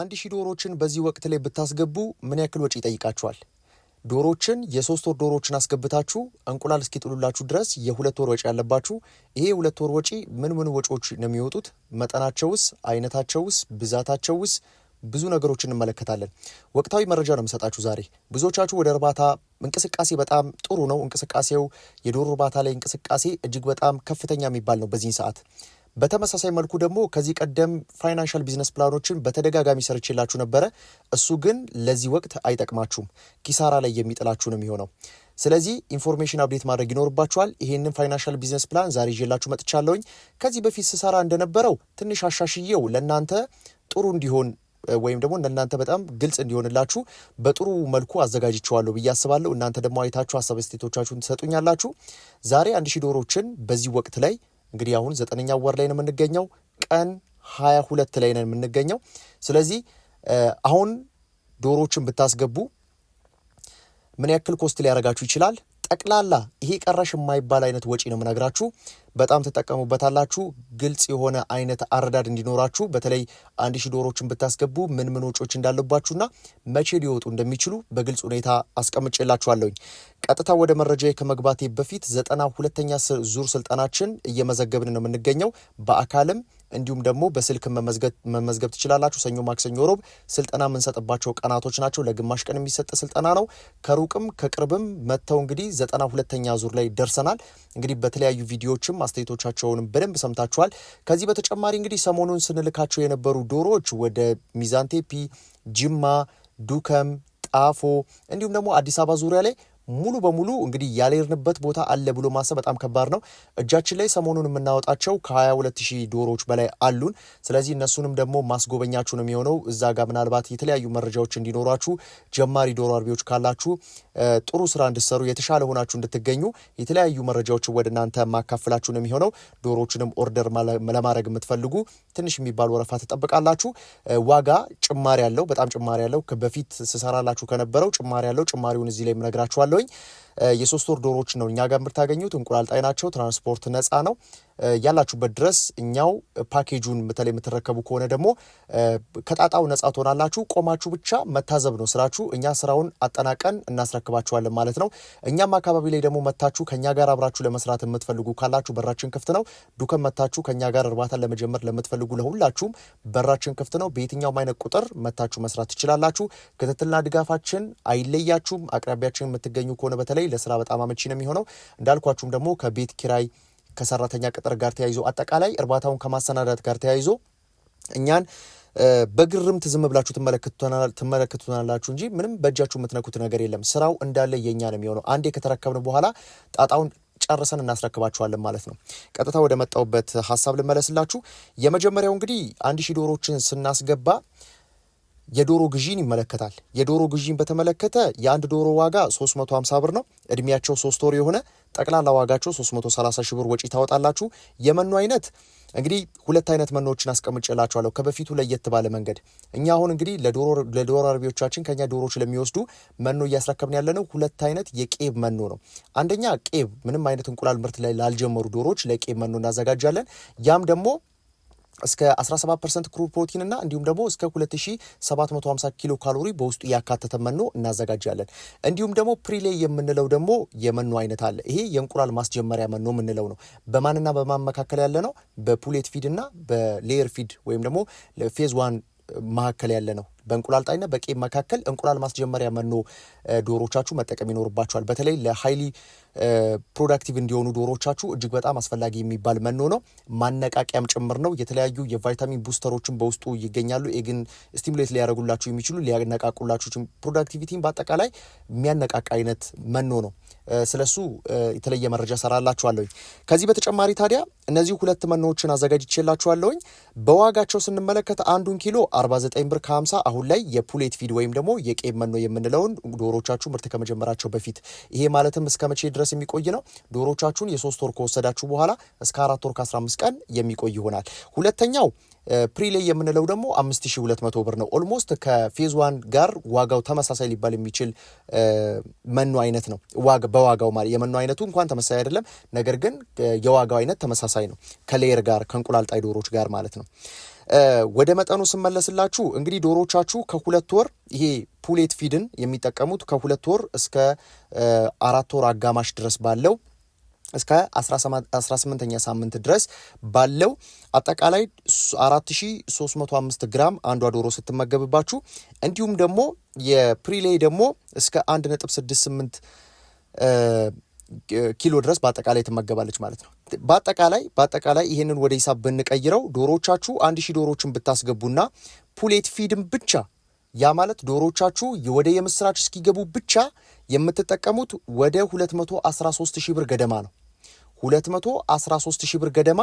አንድ ሺህ ዶሮዎችን በዚህ ወቅት ላይ ብታስገቡ ምን ያክል ወጪ ይጠይቃችኋል? ዶሮችን የሶስት ወር ዶሮዎችን አስገብታችሁ እንቁላል እስኪጥሉላችሁ ድረስ የሁለት ወር ወጪ ያለባችሁ። ይሄ የሁለት ወር ወጪ ምን ምን ወጪዎች ነው የሚወጡት? መጠናቸውስ፣ አይነታቸውስ፣ ብዛታቸውስ ብዙ ነገሮች እንመለከታለን። ወቅታዊ መረጃ ነው የምሰጣችሁ ዛሬ። ብዙዎቻችሁ ወደ እርባታ እንቅስቃሴ በጣም ጥሩ ነው። እንቅስቃሴው የዶሮ እርባታ ላይ እንቅስቃሴ እጅግ በጣም ከፍተኛ የሚባል ነው በዚህ ሰዓት በተመሳሳይ መልኩ ደግሞ ከዚህ ቀደም ፋይናንሻል ቢዝነስ ፕላኖችን በተደጋጋሚ ሰርችላችሁ ነበረ። እሱ ግን ለዚህ ወቅት አይጠቅማችሁም፣ ኪሳራ ላይ የሚጥላችሁ ነው የሚሆነው። ስለዚህ ኢንፎርሜሽን አብዴት ማድረግ ይኖርባችኋል። ይሄንን ፋይናንሻል ቢዝነስ ፕላን ዛሬ ይዤላችሁ መጥቻለሁኝ። ከዚህ በፊት ስሰራ እንደነበረው ትንሽ አሻሽዬው ለእናንተ ጥሩ እንዲሆን ወይም ደግሞ እናንተ በጣም ግልጽ እንዲሆንላችሁ በጥሩ መልኩ አዘጋጅቸዋለሁ ብዬ አስባለሁ። እናንተ ደግሞ አይታችሁ ሀሳብ ስቴቶቻችሁን ትሰጡኛላችሁ። ዛሬ አንድ ሺህ ዶሮችን በዚህ ወቅት ላይ እንግዲህ አሁን ዘጠነኛ ወር ላይ ነው የምንገኘው። ቀን ሀያ ሁለት ላይ ነው የምንገኘው። ስለዚህ አሁን ዶሮዎችን ብታስገቡ ምን ያክል ኮስት ሊያደርጋችሁ ይችላል? ጠቅላላ ይሄ ቀረሽ የማይባል አይነት ወጪ ነው የምነግራችሁ። በጣም ትጠቀሙበታላችሁ። ግልጽ የሆነ አይነት አረዳድ እንዲኖራችሁ በተለይ አንድ ሺህ ዶሮችን ብታስገቡ ምን ምን ወጪዎች እንዳለባችሁና መቼ ሊወጡ እንደሚችሉ በግልጽ ሁኔታ አስቀምጬላችኋለሁኝ። ቀጥታ ወደ መረጃ ከመግባቴ በፊት ዘጠና ሁለተኛ ዙር ስልጠናችን እየመዘገብን ነው የምንገኘው በአካልም እንዲሁም ደግሞ በስልክ መመዝገብ ትችላላችሁ። ሰኞ፣ ማክሰኞ፣ ሮብ ስልጠና የምንሰጥባቸው ቀናቶች ናቸው። ለግማሽ ቀን የሚሰጥ ስልጠና ነው። ከሩቅም ከቅርብም መጥተው እንግዲህ ዘጠና ሁለተኛ ዙር ላይ ደርሰናል። እንግዲህ በተለያዩ ቪዲዮዎችም አስተያየቶቻቸውንም በደንብ ሰምታችኋል። ከዚህ በተጨማሪ እንግዲህ ሰሞኑን ስንልካቸው የነበሩ ዶሮዎች ወደ ሚዛንቴፒ፣ ጅማ፣ ዱከም ጣፎ እንዲሁም ደግሞ አዲስ አበባ ዙሪያ ላይ ሙሉ በሙሉ እንግዲህ ያልሄድንበት ቦታ አለ ብሎ ማሰብ በጣም ከባድ ነው። እጃችን ላይ ሰሞኑን የምናወጣቸው ከ22 ሺህ ዶሮዎች በላይ አሉን። ስለዚህ እነሱንም ደግሞ ማስጎበኛችሁ ነው የሚሆነው። እዛ ጋር ምናልባት የተለያዩ መረጃዎች እንዲኖሯችሁ ጀማሪ ዶሮ አርቢዎች ካላችሁ ጥሩ ስራ እንድትሰሩ የተሻለ ሆናችሁ እንድትገኙ የተለያዩ መረጃዎችን ወደ እናንተ ማካፍላችሁ ነው የሚሆነው። ዶሮዎችንም ኦርደር ለማድረግ የምትፈልጉ ትንሽ የሚባል ወረፋ ትጠብቃላችሁ። ዋጋ ጭማሪ ያለው በጣም ጭማሪ ያለው በፊት ስሰራላችሁ ከነበረው ጭማሪ ያለው ጭማሪውን እዚህ ላይ የምነግራችኋለሁ። አለኝ። የሶስት ወር ዶሮዎች ነው እኛ ጋር የምታገኙት። እንቁላል ጣይ ናቸው። ትራንስፖርት ነፃ ነው። ያላችሁበት ድረስ እኛው ፓኬጁን በተለይ የምትረከቡ ከሆነ ደግሞ ከጣጣው ነጻ ትሆናላችሁ። ቆማችሁ ብቻ መታዘብ ነው ስራችሁ። እኛ ስራውን አጠናቀን እናስረክባችኋለን ማለት ነው። እኛም አካባቢ ላይ ደግሞ መታችሁ ከእኛ ጋር አብራችሁ ለመስራት የምትፈልጉ ካላችሁ በራችን ክፍት ነው። ዱከም መታችሁ ከእኛ ጋር እርባታን ለመጀመር ለምትፈልጉ ለሁላችሁም በራችን ክፍት ነው። በየትኛውም አይነት ቁጥር መታችሁ መስራት ትችላላችሁ። ክትትልና ድጋፋችን አይለያችሁም። አቅራቢያችን የምትገኙ ከሆነ በተለይ ለስራ በጣም አመቺ ነው የሚሆነው። እንዳልኳችሁም ደግሞ ከቤት ኪራይ ከሰራተኛ ቅጥር ጋር ተያይዞ አጠቃላይ እርባታውን ከማሰናዳት ጋር ተያይዞ እኛን በግርምት ዝም ብላችሁ ትመለከቱናላችሁ እንጂ ምንም በእጃችሁ የምትነኩት ነገር የለም። ስራው እንዳለ የእኛ ነው የሚሆነው። አንዴ ከተረከብን በኋላ ጣጣውን ጨርሰን እናስረክባችኋለን ማለት ነው። ቀጥታ ወደ መጣውበት ሀሳብ ልመለስላችሁ። የመጀመሪያው እንግዲህ አንድ ሺህ ዶሮችን ስናስገባ የዶሮ ግዢን ይመለከታል። የዶሮ ግዢን በተመለከተ የአንድ ዶሮ ዋጋ 350 ብር ነው። እድሜያቸው ሶስት ወር የሆነ ጠቅላላ ዋጋቸው 330 ሺህ ብር ወጪ ታወጣላችሁ። የመኖ አይነት እንግዲህ ሁለት አይነት መኖዎችን አስቀምጬላችኋለሁ ከበፊቱ ለየት ባለ መንገድ። እኛ አሁን እንግዲህ ለዶሮ አርቢዎቻችን ከኛ ዶሮች ለሚወስዱ መኖ እያስረከብን ያለነው ሁለት አይነት የቄብ መኖ ነው። አንደኛ ቄብ ምንም አይነት እንቁላል ምርት ላይ ላልጀመሩ ዶሮዎች ለቄብ መኖ እናዘጋጃለን። ያም ደግሞ እስከ 17 ፐርሰንት ክሩድ ፕሮቲን እና እንዲሁም ደግሞ እስከ 2750 ኪሎ ካሎሪ በውስጡ ያካተተ መኖ እናዘጋጃለን። እንዲሁም ደግሞ ፕሪሌ የምንለው ደግሞ የመኖ አይነት አለ። ይሄ የእንቁላል ማስጀመሪያ መኖ የምንለው ነው። በማንና በማን መካከል ያለ ነው? በፑሌት ፊድ እና በሌየር ፊድ ወይም ደግሞ ፌዝ ዋን መካከል ያለ ነው። በእንቁላል ጣይና በቄብ መካከል እንቁላል ማስጀመሪያ መኖ ዶሮቻችሁ መጠቀም ይኖርባቸዋል። በተለይ ለሀይሊ ፕሮዳክቲቭ እንዲሆኑ ዶሮቻችሁ እጅግ በጣም አስፈላጊ የሚባል መኖ ነው። ማነቃቂያም ጭምር ነው። የተለያዩ የቫይታሚን ቡስተሮችን በውስጡ ይገኛሉ። ኤግን ስቲሙሌት ሊያደርጉላችሁ የሚችሉ ሊያነቃቁላችሁ፣ ፕሮዳክቲቪቲን በአጠቃላይ የሚያነቃቃ አይነት መኖ ነው። ስለሱ የተለየ መረጃ ሰራላችኋለሁኝ። ከዚህ በተጨማሪ ታዲያ እነዚህ ሁለት መኖዎችን አዘጋጅቼላችኋለሁኝ። በዋጋቸው ስንመለከት አንዱን ኪሎ 49 ብር ከ50 አሁን ላይ የፑሌት ፊድ ወይም ደግሞ የቄብ መኖ የምንለውን ዶሮቻችሁ ምርት ከመጀመራቸው በፊት ይሄ ማለትም እስከ መቼ ድረስ የሚቆይ ነው? ዶሮቻችሁን የሶስት ወር ከወሰዳችሁ በኋላ እስከ አራት ወር ከ15 ቀን የሚቆይ ይሆናል። ሁለተኛው ፕሪሌይ የምንለው ደግሞ 5200 ብር ነው። ኦልሞስት ከፌዝ ዋን ጋር ዋጋው ተመሳሳይ ሊባል የሚችል መኖ አይነት ነው። በዋጋው ማለት የመኖ አይነቱ እንኳን ተመሳሳይ አይደለም፣ ነገር ግን የዋጋው አይነት ተመሳሳይ ነው ከሌየር ጋር ከእንቁላልጣይ ዶሮች ጋር ማለት ነው። ወደ መጠኑ ስመለስላችሁ እንግዲህ ዶሮቻችሁ ከሁለት ወር ይሄ ፑሌት ፊድን የሚጠቀሙት ከሁለት ወር እስከ አራት ወር አጋማሽ ድረስ ባለው እስከ 18ኛ ሳምንት ድረስ ባለው አጠቃላይ 4305 ግራም አንዷ ዶሮ ስትመገብባችሁ እንዲሁም ደግሞ የፕሪሌይ ደግሞ እስከ 1.68 ኪሎ ድረስ በአጠቃላይ ትመገባለች ማለት ነው። በአጠቃላይ በአጠቃላይ ይህንን ወደ ሂሳብ ብንቀይረው ዶሮቻችሁ አንድ ሺህ ዶሮችን ብታስገቡና ፑሌት ፊድም ብቻ ያ ማለት ዶሮቻችሁ ወደ የምስራች እስኪገቡ ብቻ የምትጠቀሙት ወደ 213 ሺህ ብር ገደማ ነው። 213 ሺህ ብር ገደማ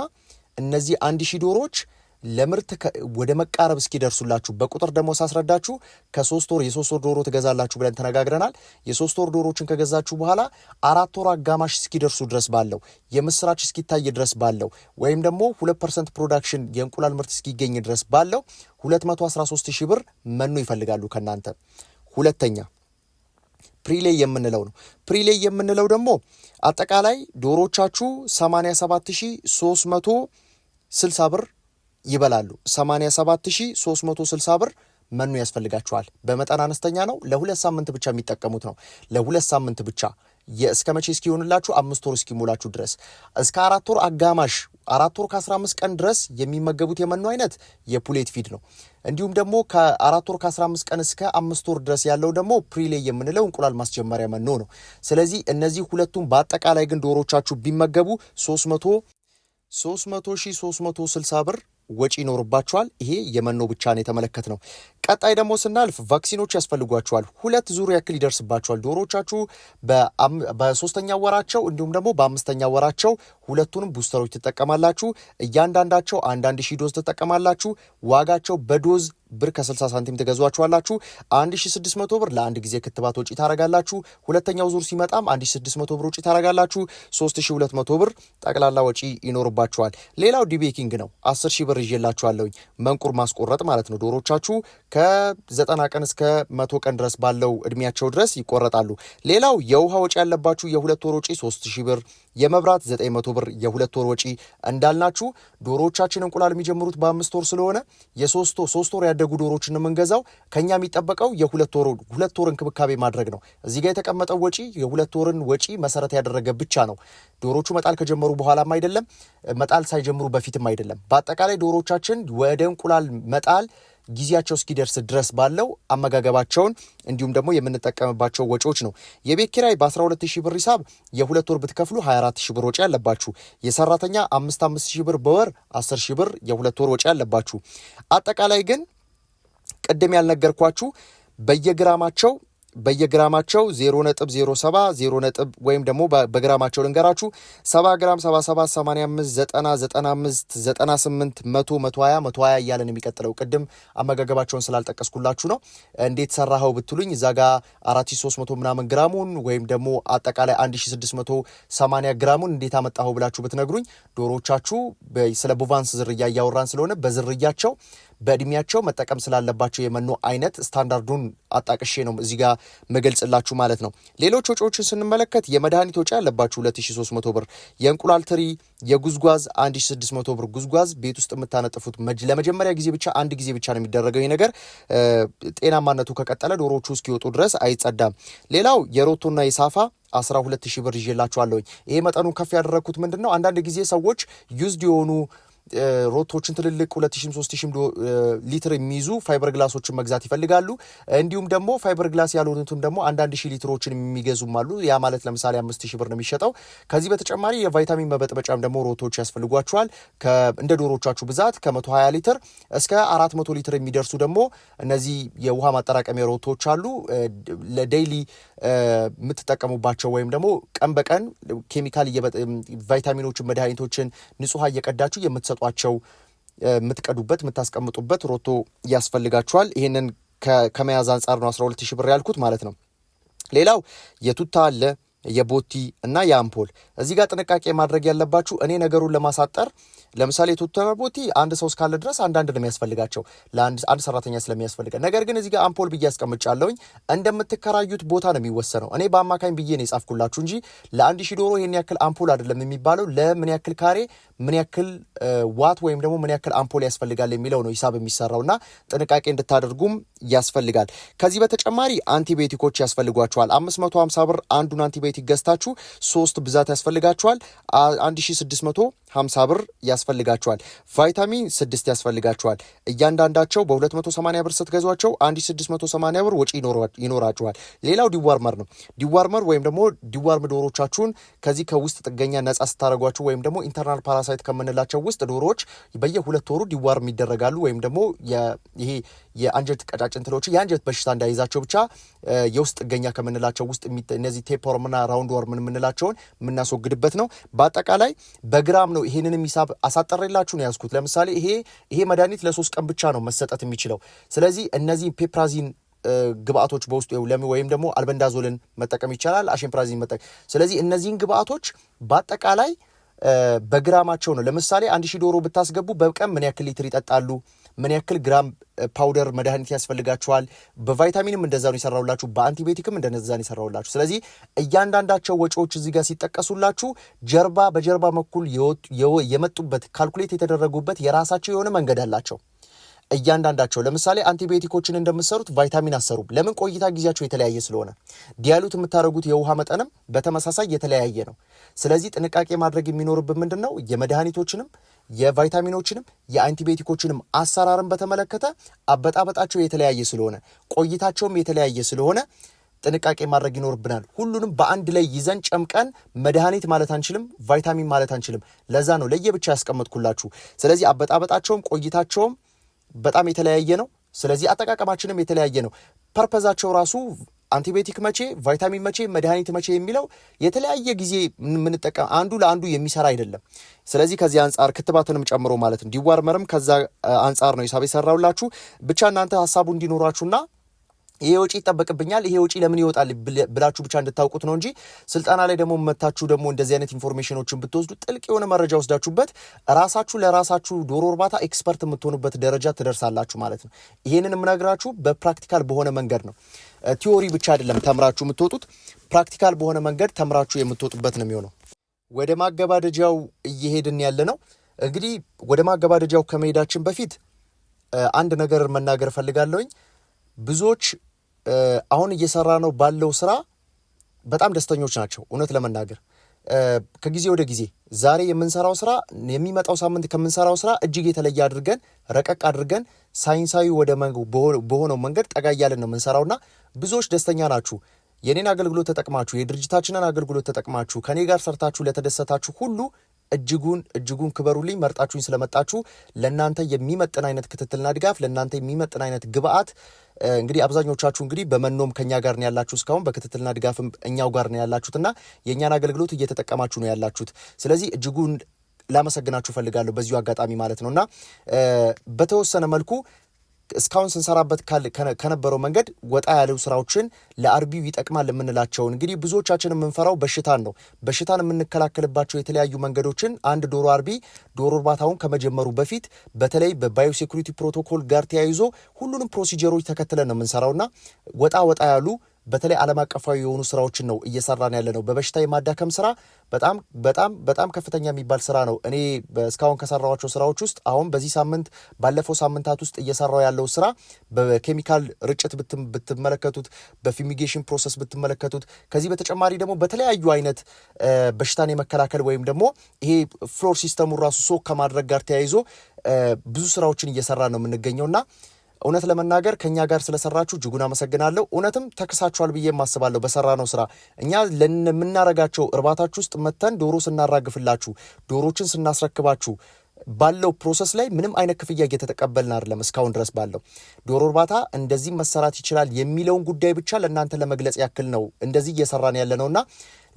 እነዚህ አንድ ሺህ ዶሮዎች ለምርት ወደ መቃረብ እስኪደርሱላችሁ በቁጥር ደግሞ ሳስረዳችሁ ከሶስት ወር የሶስት ወር ዶሮ ትገዛላችሁ ብለን ተነጋግረናል። የሶስት ወር ዶሮችን ከገዛችሁ በኋላ አራት ወር አጋማሽ እስኪደርሱ ድረስ ባለው የምስራች እስኪታይ ድረስ ባለው ወይም ደግሞ ሁለት ፐርሰንት ፕሮዳክሽን የእንቁላል ምርት እስኪገኝ ድረስ ባለው 213 ሺህ ብር መኖ ይፈልጋሉ ከእናንተ ሁለተኛ ፕሪሌይ የምንለው ነው። ፕሪሌይ የምንለው ደግሞ አጠቃላይ ዶሮቻችሁ 87360 ብር ይበላሉ። 87360 ብር መኖ ያስፈልጋችኋል። በመጠን አነስተኛ ነው። ለሁለት ሳምንት ብቻ የሚጠቀሙት ነው። ለሁለት ሳምንት ብቻ የእስከ መቼ እስኪሆንላችሁ አምስት ወር እስኪሞላችሁ ድረስ እስከ አራት ወር አጋማሽ አራት ወር ከ15 ቀን ድረስ የሚመገቡት የመኖ አይነት የፑሌት ፊድ ነው። እንዲሁም ደግሞ ከአራት ወር ከ15 ቀን እስከ አምስት ወር ድረስ ያለው ደግሞ ፕሪሌ የምንለው እንቁላል ማስጀመሪያ መኖ ነው። ስለዚህ እነዚህ ሁለቱም በአጠቃላይ ግን ዶሮቻችሁ ቢመገቡ 300 360 ብር ወጪ ይኖርባቸዋል። ይሄ የመኖ ብቻ ነው የተመለከት ነው። ቀጣይ ደግሞ ስናልፍ ቫክሲኖች ያስፈልጓቸዋል። ሁለት ዙር ያክል ይደርስባቸዋል ዶሮቻችሁ በሶስተኛ ወራቸው እንዲሁም ደግሞ በአምስተኛ ወራቸው ሁለቱንም ቡስተሮች ትጠቀማላችሁ። እያንዳንዳቸው አንዳንድ ሺህ ዶዝ ትጠቀማላችሁ። ዋጋቸው በዶዝ ብር ከ60 ሳንቲም ትገዟችኋላችሁ። 1600 ብር ለአንድ ጊዜ ክትባት ወጪ ታረጋላችሁ። ሁለተኛው ዙር ሲመጣም 1600 ብር ወጪ ታረጋላችሁ። 3200 ብር ጠቅላላ ወጪ ይኖርባችኋል። ሌላው ዲቤኪንግ ነው። 10 ብር ይዤላችኋለሁኝ። መንቁር ማስቆረጥ ማለት ነው። ዶሮቻችሁ ከ90 ቀን እስከ 100 ቀን ድረስ ባለው እድሜያቸው ድረስ ይቆረጣሉ። ሌላው የውሃ ወጪ ያለባችሁ የሁለት ወር ወጪ 3000 ብር የመብራት 900 ብር የሁለት ወር ወጪ እንዳልናችሁ ዶሮዎቻችን እንቁላል የሚጀምሩት በአምስት ወር ስለሆነ የሶስት ሶስት ወር ያደጉ ዶሮዎችን የምንገዛው ከኛ የሚጠበቀው የሁለት ወር ሁለት ወር እንክብካቤ ማድረግ ነው። እዚህ ጋር የተቀመጠው ወጪ የሁለት ወርን ወጪ መሰረት ያደረገ ብቻ ነው። ዶሮቹ መጣል ከጀመሩ በኋላም አይደለም፣ መጣል ሳይጀምሩ በፊትም አይደለም። በአጠቃላይ ዶሮዎቻችን ወደ እንቁላል መጣል ጊዜያቸው እስኪደርስ ድረስ ባለው አመጋገባቸውን እንዲሁም ደግሞ የምንጠቀምባቸው ወጪዎች ነው። የቤት ኪራይ በ12 ሺህ ብር ሂሳብ የሁለት ወር ብትከፍሉ 24 ሺህ ብር ወጪ ያለባችሁ፣ የሰራተኛ 55 ሺህ ብር በወር 10 ሺህ ብር የሁለት ወር ወጪ ያለባችሁ። አጠቃላይ ግን ቅድም ያልነገርኳችሁ በየግራማቸው በየግራማቸው 0.07 0 ወይም ደግሞ በግራማቸው ልንገራችሁ 7 ግራም 77 85 90 95 98 100 120 120 እያለን የሚቀጥለው ቅድም አመጋገባቸውን ስላልጠቀስኩላችሁ ነው። እንዴት ሰራኸው ብትሉኝ እዛ ጋ 4300 ምናምን ግራሙን ወይም ደግሞ አጠቃላይ 1680 ግራሙን እንዴት አመጣኸው ብላችሁ ብትነግሩኝ ዶሮቻችሁ ስለ ቡቫንስ ዝርያ እያወራን ስለሆነ በዝርያቸው በእድሜያቸው መጠቀም ስላለባቸው የመኖ አይነት ስታንዳርዱን አጣቅሼ ነው እዚህ ጋር መገልጽላችሁ ማለት ነው። ሌሎች ወጪዎችን ስንመለከት የመድኃኒት ወጪ ያለባችሁ 2300 ብር፣ የእንቁላል ትሪ፣ የጉዝጓዝ 1600 ብር። ጉዝጓዝ ቤት ውስጥ የምታነጥፉት ለመጀመሪያ ጊዜ ብቻ አንድ ጊዜ ብቻ ነው የሚደረገው። ይህ ነገር ጤናማነቱ ከቀጠለ ዶሮዎቹ እስኪወጡ ድረስ አይጸዳም። ሌላው የሮቶና የሳፋ 12000 ብር ይዤላችኋለሁኝ። ይሄ መጠኑን ከፍ ያደረግኩት ምንድን ነው አንዳንድ ጊዜ ሰዎች ዩዝድ የሆኑ ሮቶችን ትልልቅ 2300 ሊትር የሚይዙ ፋይበር ግላሶችን መግዛት ይፈልጋሉ። እንዲሁም ደግሞ ፋይበር ግላስ ያልሆኑትም ደግሞ አንዳንድ ሺህ ሊትሮችን የሚገዙም አሉ። ያ ማለት ለምሳሌ 5000 ብር ነው የሚሸጠው። ከዚህ በተጨማሪ የቫይታሚን መበጥበጫም ደግሞ ሮቶች ያስፈልጓቸዋል። እንደ ዶሮቻችሁ ብዛት ከ120 ሊትር እስከ 400 ሊትር የሚደርሱ ደግሞ እነዚህ የውሃ ማጠራቀሚያ ሮቶች አሉ። ለዴይሊ የምትጠቀሙባቸው ወይም ደግሞ ቀን በቀን ኬሚካል ቫይታሚኖችን፣ መድኃኒቶችን ንጹህ እየቀዳችሁ የምት የምትሰጧቸው የምትቀዱበት የምታስቀምጡበት ሮቶ ያስፈልጋችኋል። ይህንን ከመያዝ አንጻር ነው 12 ሺ ብር ያልኩት ማለት ነው። ሌላው የቱታ አለ የቦቲ እና የአምፖል እዚህ ጋር ጥንቃቄ ማድረግ ያለባችሁ እኔ ነገሩን ለማሳጠር ለምሳሌ የቶተመ ቦቲ አንድ ሰው እስካለ ድረስ አንዳንድ ነው የሚያስፈልጋቸው ለአንድ ሰራተኛ ስለሚያስፈልገ ነገር ግን እዚህ ጋር አምፖል ብዬ አስቀምጫለሁኝ እንደምትከራዩት ቦታ ነው የሚወሰነው። እኔ በአማካኝ ብዬ ነው የጻፍኩላችሁ እንጂ ለአንድ ሺህ ዶሮ ይህን ያክል አምፖል አይደለም የሚባለው፣ ለምን ያክል ካሬ ምን ያክል ዋት ወይም ደግሞ ምን ያክል አምፖል ያስፈልጋል የሚለው ነው ሂሳብ የሚሰራውና ጥንቃቄ እንድታደርጉም ያስፈልጋል። ከዚህ በተጨማሪ አንቲቢዮቲኮች ያስፈልጓቸዋል። አምስት መቶ ሀምሳ ብር አንዱን አንቲቤ ቤት ይገዝታችሁ ሶስት ብዛት ያስፈልጋችኋል። 1600 50 ብር ያስፈልጋቸዋል። ቫይታሚን 6 ያስፈልጋቸዋል። እያንዳንዳቸው በ280 ብር ስትገዟቸው 1680 ብር ወጪ ይኖራቸዋል። ሌላው ዲዋርመር ነው። ዲዋርመር ወይም ደግሞ ዲዋርም ዶሮቻችሁን ከዚህ ከውስጥ ጥገኛ ነጻ ስታደረጓቸው ወይም ደግሞ ኢንተርናል ፓራሳይት ከምንላቸው ውስጥ ዶሮዎች በየሁለት ወሩ ዲዋርም ይደረጋሉ። ወይም ደግሞ ይሄ የአንጀት ቀጫጭን ትሎች የአንጀት በሽታ እንዳይዛቸው ብቻ የውስጥ ጥገኛ ከምንላቸው ውስጥ እነዚህ ቴፕወርምና ራውንድ ወርም የምንላቸውን የምናስወግድበት ነው። በአጠቃላይ በግራም ነው ነው ይሄንንም ሂሳብ አሳጠሬላችሁ ነው ያዝኩት። ለምሳሌ ይሄ ይሄ መድኃኒት ለሶስት ቀን ብቻ ነው መሰጠት የሚችለው። ስለዚህ እነዚህ ፔፕራዚን ግብአቶች በውስጡ ወይም ደግሞ አልበንዳዞልን መጠቀም ይቻላል፣ አሽንፕራዚን መጠቀም። ስለዚህ እነዚህን ግብአቶች በአጠቃላይ በግራማቸው ነው። ለምሳሌ አንድ ሺህ ዶሮ ብታስገቡ በቀን ምን ያክል ሊትር ይጠጣሉ ምን ያክል ግራም ፓውደር መድኃኒት ያስፈልጋችኋል። በቫይታሚንም እንደዛ ነው የሰራውላችሁ፣ በአንቲቢዮቲክም እንደዛ ነው የሰራውላችሁ። ስለዚህ እያንዳንዳቸው ወጪዎች እዚህ ጋር ሲጠቀሱላችሁ ጀርባ በጀርባ በኩል የመጡበት ካልኩሌት የተደረጉበት የራሳቸው የሆነ መንገድ አላቸው። እያንዳንዳቸው ለምሳሌ አንቲቢዮቲኮችን እንደምትሰሩት ቫይታሚን አሰሩም። ለምን ቆይታ ጊዜያቸው የተለያየ ስለሆነ ዲያሉት የምታደርጉት የውሃ መጠንም በተመሳሳይ የተለያየ ነው። ስለዚህ ጥንቃቄ ማድረግ የሚኖርብን ምንድን ነው የመድኃኒቶችንም የቫይታሚኖችንም የአንቲቤቲኮችንም አሰራርን በተመለከተ አበጣበጣቸው የተለያየ ስለሆነ ቆይታቸውም የተለያየ ስለሆነ ጥንቃቄ ማድረግ ይኖርብናል። ሁሉንም በአንድ ላይ ይዘን ጨምቀን መድኃኒት ማለት አንችልም፣ ቫይታሚን ማለት አንችልም። ለዛ ነው ለየብቻ ያስቀመጥኩላችሁ። ስለዚህ አበጣበጣቸውም ቆይታቸውም በጣም የተለያየ ነው። ስለዚህ አጠቃቀማችንም የተለያየ ነው። ፐርፐዛቸው ራሱ አንቲቢዮቲክ መቼ፣ ቫይታሚን መቼ፣ መድኃኒት መቼ የሚለው የተለያየ ጊዜ የምንጠቀም አንዱ ለአንዱ የሚሰራ አይደለም። ስለዚህ ከዚህ አንጻር ክትባትንም ጨምሮ ማለት እንዲዋርመርም ከዛ አንጻር ነው ሂሳብ የሰራውላችሁ ብቻ እናንተ ሀሳቡ እንዲኖራችሁና ይሄ ወጪ ይጠበቅብኛል፣ ይሄ ወጪ ለምን ይወጣል ብላችሁ ብቻ እንድታውቁት ነው እንጂ ስልጠና ላይ ደግሞ መታችሁ ደግሞ እንደዚህ አይነት ኢንፎርሜሽኖችን ብትወስዱ ጥልቅ የሆነ መረጃ ወስዳችሁበት ራሳችሁ ለራሳችሁ ዶሮ እርባታ ኤክስፐርት የምትሆኑበት ደረጃ ትደርሳላችሁ ማለት ነው። ይሄንን የምነግራችሁ በፕራክቲካል በሆነ መንገድ ነው። ቲዎሪ ብቻ አይደለም ተምራችሁ የምትወጡት፣ ፕራክቲካል በሆነ መንገድ ተምራችሁ የምትወጡበት ነው የሚሆነው። ወደ ማገባደጃው እየሄድን ያለ ነው። እንግዲህ ወደ ማገባደጃው ከመሄዳችን በፊት አንድ ነገር መናገር እፈልጋለሁኝ ብዙዎች አሁን እየሰራ ነው ባለው ስራ በጣም ደስተኞች ናቸው። እውነት ለመናገር ከጊዜ ወደ ጊዜ ዛሬ የምንሰራው ስራ የሚመጣው ሳምንት ከምንሰራው ስራ እጅግ የተለየ አድርገን ረቀቅ አድርገን ሳይንሳዊ ወደ በሆነው መንገድ ጠጋ እያለን ነው የምንሰራውና ብዙዎች ደስተኛ ናችሁ። የኔን አገልግሎት ተጠቅማችሁ የድርጅታችንን አገልግሎት ተጠቅማችሁ ከኔ ጋር ሰርታችሁ ለተደሰታችሁ ሁሉ እጅጉን እጅጉን ክበሩልኝ። መርጣችሁኝ ስለመጣችሁ ለእናንተ የሚመጥን አይነት ክትትልና ድጋፍ ለእናንተ የሚመጥን አይነት ግብአት እንግዲህ አብዛኞቻችሁ እንግዲህ በመኖም ከኛ ጋር ነው ያላችሁ። እስካሁን በክትትልና ድጋፍም እኛው ጋር ነው ያላችሁትና የእኛን አገልግሎት እየተጠቀማችሁ ነው ያላችሁት። ስለዚህ እጅጉን ላመሰግናችሁ ፈልጋለሁ በዚሁ አጋጣሚ ማለት እና በተወሰነ መልኩ እስካሁን ስንሰራበት ከነበረው መንገድ ወጣ ያለው ስራዎችን ለአርቢው ይጠቅማል የምንላቸውን እንግዲህ ብዙዎቻችን የምንፈራው በሽታን ነው። በሽታን የምንከላከልባቸው የተለያዩ መንገዶችን አንድ ዶሮ አርቢ ዶሮ እርባታውን ከመጀመሩ በፊት በተለይ በባዮሴኩሪቲ ፕሮቶኮል ጋር ተያይዞ ሁሉንም ፕሮሲጀሮች ተከትለን ነው የምንሰራውና ወጣ ወጣ ያሉ በተለይ ዓለም አቀፋዊ የሆኑ ስራዎችን ነው እየሰራን ያለ ነው። በበሽታ የማዳከም ስራ በጣም በጣም በጣም ከፍተኛ የሚባል ስራ ነው። እኔ እስካሁን ከሰራኋቸው ስራዎች ውስጥ አሁን በዚህ ሳምንት ባለፈው ሳምንታት ውስጥ እየሰራው ያለው ስራ በኬሚካል ርጭት ብትመለከቱት፣ በፊሚጌሽን ፕሮሰስ ብትመለከቱት፣ ከዚህ በተጨማሪ ደግሞ በተለያዩ አይነት በሽታን የመከላከል ወይም ደግሞ ይሄ ፍሎር ሲስተሙ ራሱ ሶክ ከማድረግ ጋር ተያይዞ ብዙ ስራዎችን እየሰራ ነው የምንገኘውና እውነት ለመናገር ከእኛ ጋር ስለሰራችሁ እጅጉን አመሰግናለሁ። እውነትም ተክሳችኋል ብዬ ማስባለሁ። በሰራ ነው ስራ እኛ ለምናረጋቸው እርባታችሁ ውስጥ መተን ዶሮ ስናራግፍላችሁ፣ ዶሮችን ስናስረክባችሁ ባለው ፕሮሰስ ላይ ምንም አይነት ክፍያ እየተቀበልን አይደለም። እስካሁን ድረስ ባለው ዶሮ እርባታ እንደዚህ መሰራት ይችላል የሚለውን ጉዳይ ብቻ ለእናንተ ለመግለጽ ያክል ነው እንደዚህ እየሰራን ያለ እና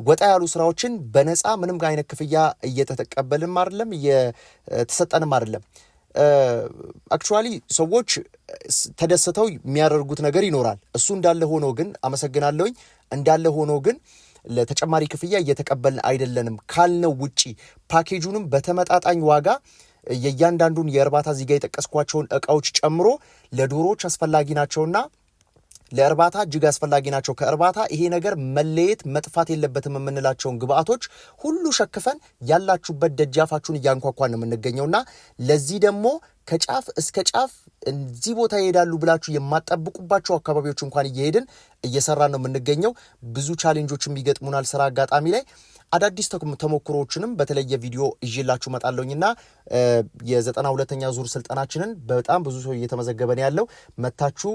ወጣ ያሉ ስራዎችን በነፃ ምንም አይነት ክፍያ እየተቀበልንም አይደለም፣ እየተሰጠንም አይደለም። አክቹዋሊ ሰዎች ተደስተው የሚያደርጉት ነገር ይኖራል። እሱ እንዳለ ሆኖ ግን አመሰግናለሁኝ እንዳለ ሆኖ ግን ለተጨማሪ ክፍያ እየተቀበልን አይደለንም ካልነው ውጪ ፓኬጁንም በተመጣጣኝ ዋጋ የእያንዳንዱን የእርባታ ዚጋ የጠቀስኳቸውን እቃዎች ጨምሮ ለዶሮዎች አስፈላጊ ናቸውና ለእርባታ እጅግ አስፈላጊ ናቸው። ከእርባታ ይሄ ነገር መለየት መጥፋት የለበትም የምንላቸውን ግብአቶች ሁሉ ሸክፈን ያላችሁበት ደጃፋችሁን እያንኳኳን ነው የምንገኘውና ለዚህ ደግሞ ከጫፍ እስከ ጫፍ እዚህ ቦታ ይሄዳሉ ብላችሁ የማጠብቁባቸው አካባቢዎች እንኳን እየሄድን እየሰራ ነው የምንገኘው። ብዙ ቻሌንጆችም ይገጥሙናል ስራ አጋጣሚ ላይ አዳዲስ ተሞክሮዎችንም በተለየ ቪዲዮ እዤላችሁ እመጣለሁኝና የዘጠና ሁለተኛ ዙር ስልጠናችንን በጣም ብዙ ሰው እየተመዘገበን ያለው መታችሁ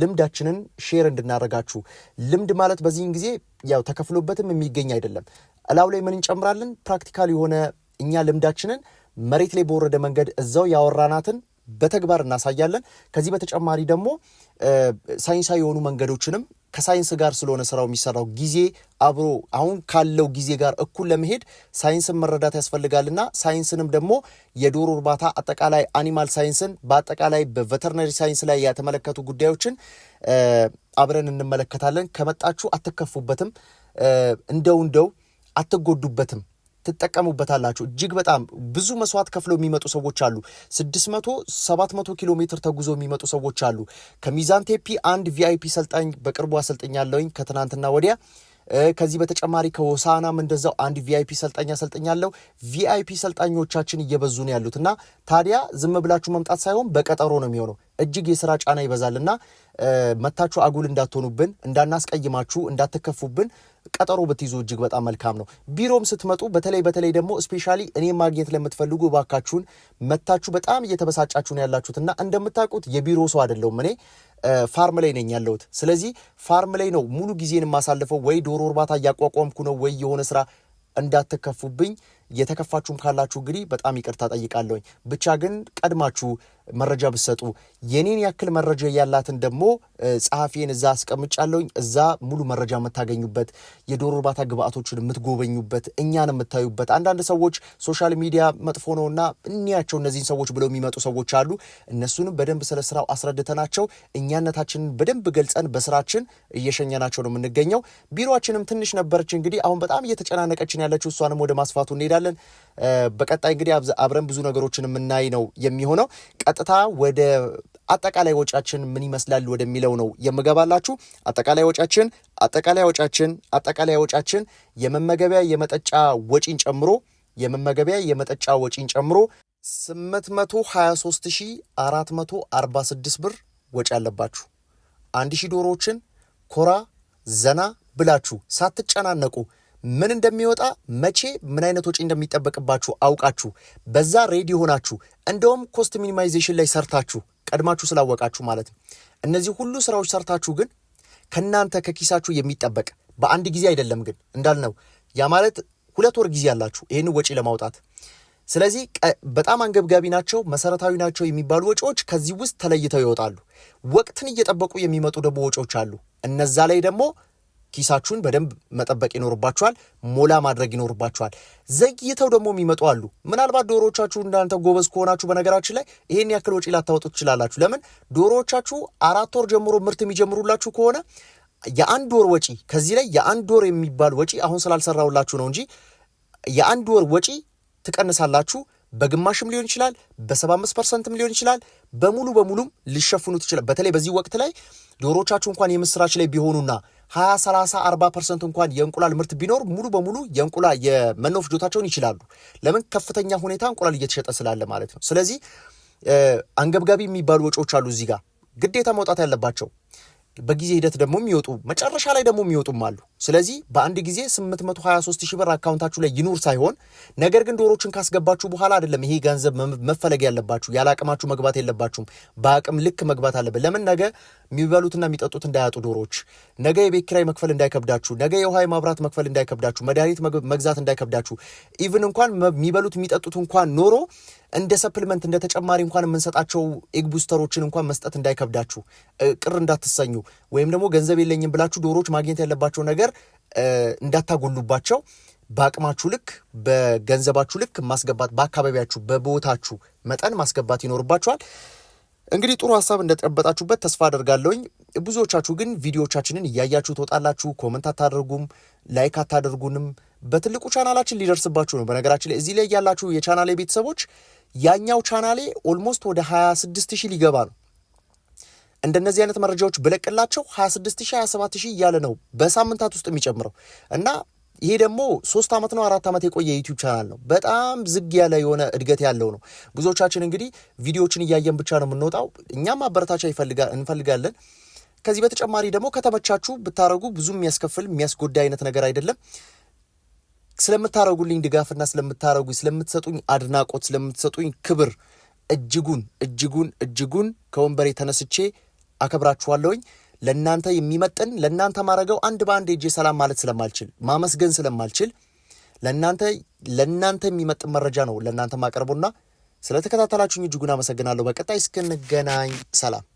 ልምዳችንን ሼር እንድናደርጋችሁ። ልምድ ማለት በዚህን ጊዜ ያው ተከፍሎበትም የሚገኝ አይደለም። እላው ላይ ምን እንጨምራለን? ፕራክቲካል የሆነ እኛ ልምዳችንን መሬት ላይ በወረደ መንገድ እዛው ያወራናትን በተግባር እናሳያለን። ከዚህ በተጨማሪ ደግሞ ሳይንሳዊ የሆኑ መንገዶችንም ከሳይንስ ጋር ስለሆነ ስራው የሚሰራው ጊዜ አብሮ አሁን ካለው ጊዜ ጋር እኩል ለመሄድ ሳይንስን መረዳት ያስፈልጋልና ሳይንስንም ደግሞ የዶሮ እርባታ አጠቃላይ አኒማል ሳይንስን በአጠቃላይ በቨተርነሪ ሳይንስ ላይ ያተመለከቱ ጉዳዮችን አብረን እንመለከታለን። ከመጣችሁ አትከፉበትም፣ እንደው እንደው አትጎዱበትም። ትጠቀሙበታላችሁ። እጅግ በጣም ብዙ መስዋዕት ከፍለው የሚመጡ ሰዎች አሉ። 600 700 ኪሎ ሜትር ተጉዞ የሚመጡ ሰዎች አሉ። ከሚዛን ቴፒ አንድ ቪአይፒ ሰልጣኝ በቅርቡ አሰልጥኝ ያለውኝ ከትናንትና ወዲያ ከዚህ በተጨማሪ ከወሳና እንደዛው አንድ ቪአይፒ ሰልጣኝ አሰልጥኛለሁ። ቪአይፒ ሰልጣኞቻችን እየበዙ ነው ያሉት እና ታዲያ ዝም ብላችሁ መምጣት ሳይሆን በቀጠሮ ነው የሚሆነው። እጅግ የስራ ጫና እና መታችሁ አጉል እንዳትሆኑብን፣ እንዳናስቀይማችሁ፣ እንዳትከፉብን ቀጠሮ ብትይዙ እጅግ በጣም መልካም ነው። ቢሮም ስትመጡ በተለይ በተለይ ደግሞ ስፔሻሊ እኔ ማግኘት ለምትፈልጉ እባካችሁን መታችሁ በጣም እየተበሳጫችሁ ነው ያላችሁት እና እንደምታውቁት የቢሮ ሰው አይደለሁም እኔ ፋርም ላይ ነኝ ያለሁት። ስለዚህ ፋርም ላይ ነው ሙሉ ጊዜን የማሳልፈው፣ ወይ ዶሮ እርባታ እያቋቋምኩ ነው ወይ የሆነ ስራ እንዳትከፉብኝ የተከፋችሁም ካላችሁ እንግዲህ በጣም ይቅርታ ጠይቃለሁኝ። ብቻ ግን ቀድማችሁ መረጃ ብትሰጡ የኔን ያክል መረጃ ያላትን ደግሞ ጸሐፊን እዛ አስቀምጫለሁኝ። እዛ ሙሉ መረጃ የምታገኙበት የዶሮ እርባታ ግብአቶችን የምትጎበኙበት እኛን የምታዩበት። አንዳንድ ሰዎች ሶሻል ሚዲያ መጥፎ ነውና እንያቸው እነዚህን ሰዎች ብለው የሚመጡ ሰዎች አሉ። እነሱንም በደንብ ስለ ስራው አስረድተናቸው እኛነታችንን በደንብ ገልጸን በስራችን እየሸኘናቸው ነው የምንገኘው። ቢሮችንም ትንሽ ነበረች እንግዲህ አሁን በጣም እየተጨናነቀችን ያለችው እሷንም ወደ ማስፋቱ እንሄዳለን። በቀጣይ እንግዲህ አብረን ብዙ ነገሮችን የምናይ ነው የሚሆነው። ቀጥታ ወደ አጠቃላይ ወጫችን ምን ይመስላል ወደሚለው ነው የምገባላችሁ። አጠቃላይ ወጫችን አጠቃላይ ወጫችን አጠቃላይ ወጫችን የመመገቢያ የመጠጫ ወጪን ጨምሮ የመመገቢያ የመጠጫ ወጪን ጨምሮ 823446 ብር ወጪ አለባችሁ። አንድ ሺህ ዶሮዎችን ኮራ ዘና ብላችሁ ሳትጨናነቁ ምን እንደሚወጣ መቼ ምን አይነት ወጪ እንደሚጠበቅባችሁ አውቃችሁ በዛ ሬዲ ሆናችሁ እንደውም ኮስት ሚኒማይዜሽን ላይ ሰርታችሁ ቀድማችሁ ስላወቃችሁ ማለት ነው። እነዚህ ሁሉ ስራዎች ሰርታችሁ ግን ከእናንተ ከኪሳችሁ የሚጠበቅ በአንድ ጊዜ አይደለም ግን እንዳልነው ያ ማለት ሁለት ወር ጊዜ ያላችሁ ይህን ወጪ ለማውጣት ስለዚህ በጣም አንገብጋቢ ናቸው፣ መሰረታዊ ናቸው የሚባሉ ወጪዎች ከዚህ ውስጥ ተለይተው ይወጣሉ። ወቅትን እየጠበቁ የሚመጡ ደግሞ ወጪዎች አሉ። እነዛ ላይ ደግሞ ኪሳችሁን በደንብ መጠበቅ ይኖርባችኋል። ሞላ ማድረግ ይኖርባችኋል። ዘግይተው ደግሞ የሚመጡ አሉ። ምናልባት ዶሮዎቻችሁ እንዳንተ ጎበዝ ከሆናችሁ በነገራችን ላይ ይሄን ያክል ወጪ ላታወጡ ትችላላችሁ። ለምን ዶሮዎቻችሁ አራት ወር ጀምሮ ምርት የሚጀምሩላችሁ ከሆነ የአንድ ወር ወጪ ከዚህ ላይ የአንድ ወር የሚባል ወጪ አሁን ስላልሰራውላችሁ ነው እንጂ የአንድ ወር ወጪ ትቀንሳላችሁ። በግማሽም ሊሆን ይችላል፣ በ75 ፐርሰንትም ሊሆን ይችላል። በሙሉ በሙሉም ሊሸፍኑት ይችላል። በተለይ በዚህ ወቅት ላይ ዶሮቻችሁ እንኳን የምስራች ላይ ቢሆኑና 20፣ 30፣ 40 ፐርሰንት እንኳን የእንቁላል ምርት ቢኖር ሙሉ በሙሉ የእንቁላ የመኖ ፍጆታቸውን ይችላሉ። ለምን ከፍተኛ ሁኔታ እንቁላል እየተሸጠ ስላለ ማለት ነው። ስለዚህ አንገብጋቢ የሚባሉ ወጪዎች አሉ እዚህ ጋር ግዴታ መውጣት ያለባቸው በጊዜ ሂደት ደግሞ የሚወጡ መጨረሻ ላይ ደግሞ የሚወጡም አሉ። ስለዚህ በአንድ ጊዜ 823 ሺህ ብር አካውንታችሁ ላይ ይኑር ሳይሆን ነገር ግን ዶሮችን ካስገባችሁ በኋላ አይደለም ይሄ ገንዘብ መፈለግ ያለባችሁ። ያለ አቅማችሁ መግባት የለባችሁም። በአቅም ልክ መግባት አለበት። ለምን ነገ የሚበሉትና የሚጠጡት እንዳያጡ ዶሮዎች፣ ነገ የቤት ኪራይ መክፈል እንዳይከብዳችሁ፣ ነገ የውሃ የማብራት መክፈል እንዳይከብዳችሁ፣ መድኃኒት መግዛት እንዳይከብዳችሁ፣ ኢቭን እንኳን የሚበሉት የሚጠጡት እንኳን ኖሮ እንደ ሰፕልመንት እንደ ተጨማሪ እንኳን የምንሰጣቸው ኤግ ቡስተሮችን እንኳን መስጠት እንዳይከብዳችሁ፣ ቅር እንዳትሰኙ፣ ወይም ደግሞ ገንዘብ የለኝም ብላችሁ ዶሮዎች ማግኘት ያለባቸው ነገር እንዳታጎሉባቸው በአቅማችሁ ልክ በገንዘባችሁ ልክ ማስገባት በአካባቢያችሁ በቦታችሁ መጠን ማስገባት ይኖርባችኋል። እንግዲህ ጥሩ ሀሳብ እንደጠበጣችሁበት ተስፋ አደርጋለሁኝ። ብዙዎቻችሁ ግን ቪዲዮቻችንን እያያችሁ ትወጣላችሁ፣ ኮመንት አታደርጉም፣ ላይክ አታደርጉንም። በትልቁ ቻናላችን ሊደርስባችሁ ነው። በነገራችን ላይ እዚህ ላይ ያላችሁ የቻናል ቤተሰቦች ያኛው ቻናሌ ኦልሞስት ወደ 26 ሺህ ሊገባ ነው። እንደነዚህ አይነት መረጃዎች ብለቅላቸው 26 ሺህ 27 ሺህ እያለ ነው በሳምንታት ውስጥ የሚጨምረው እና ይሄ ደግሞ ሶስት ዓመት ነው አራት ዓመት የቆየ ዩቲዩብ ቻናል ነው። በጣም ዝግ ያለ የሆነ እድገት ያለው ነው። ብዙዎቻችን እንግዲህ ቪዲዮዎችን እያየን ብቻ ነው የምንወጣው። እኛም ማበረታቻ እንፈልጋለን። ከዚህ በተጨማሪ ደግሞ ከተመቻችሁ ብታደረጉ ብዙ የሚያስከፍል የሚያስጎዳ አይነት ነገር አይደለም። ስለምታረጉልኝ ድጋፍና ስለምታረጉ ስለምትሰጡኝ አድናቆት ስለምትሰጡኝ ክብር እጅጉን እጅጉን እጅጉን ከወንበሬ ተነስቼ አከብራችኋለሁኝ። ለእናንተ የሚመጥን ለእናንተ ማድረገው አንድ በአንድ እጄ ሰላም ማለት ስለማልችል ማመስገን ስለማልችል ለእናንተ ለእናንተ የሚመጥን መረጃ ነው ለእናንተ ማቀርቡና ስለተከታተላችሁኝ እጅጉን አመሰግናለሁ። በቀጣይ እስክንገናኝ ሰላም።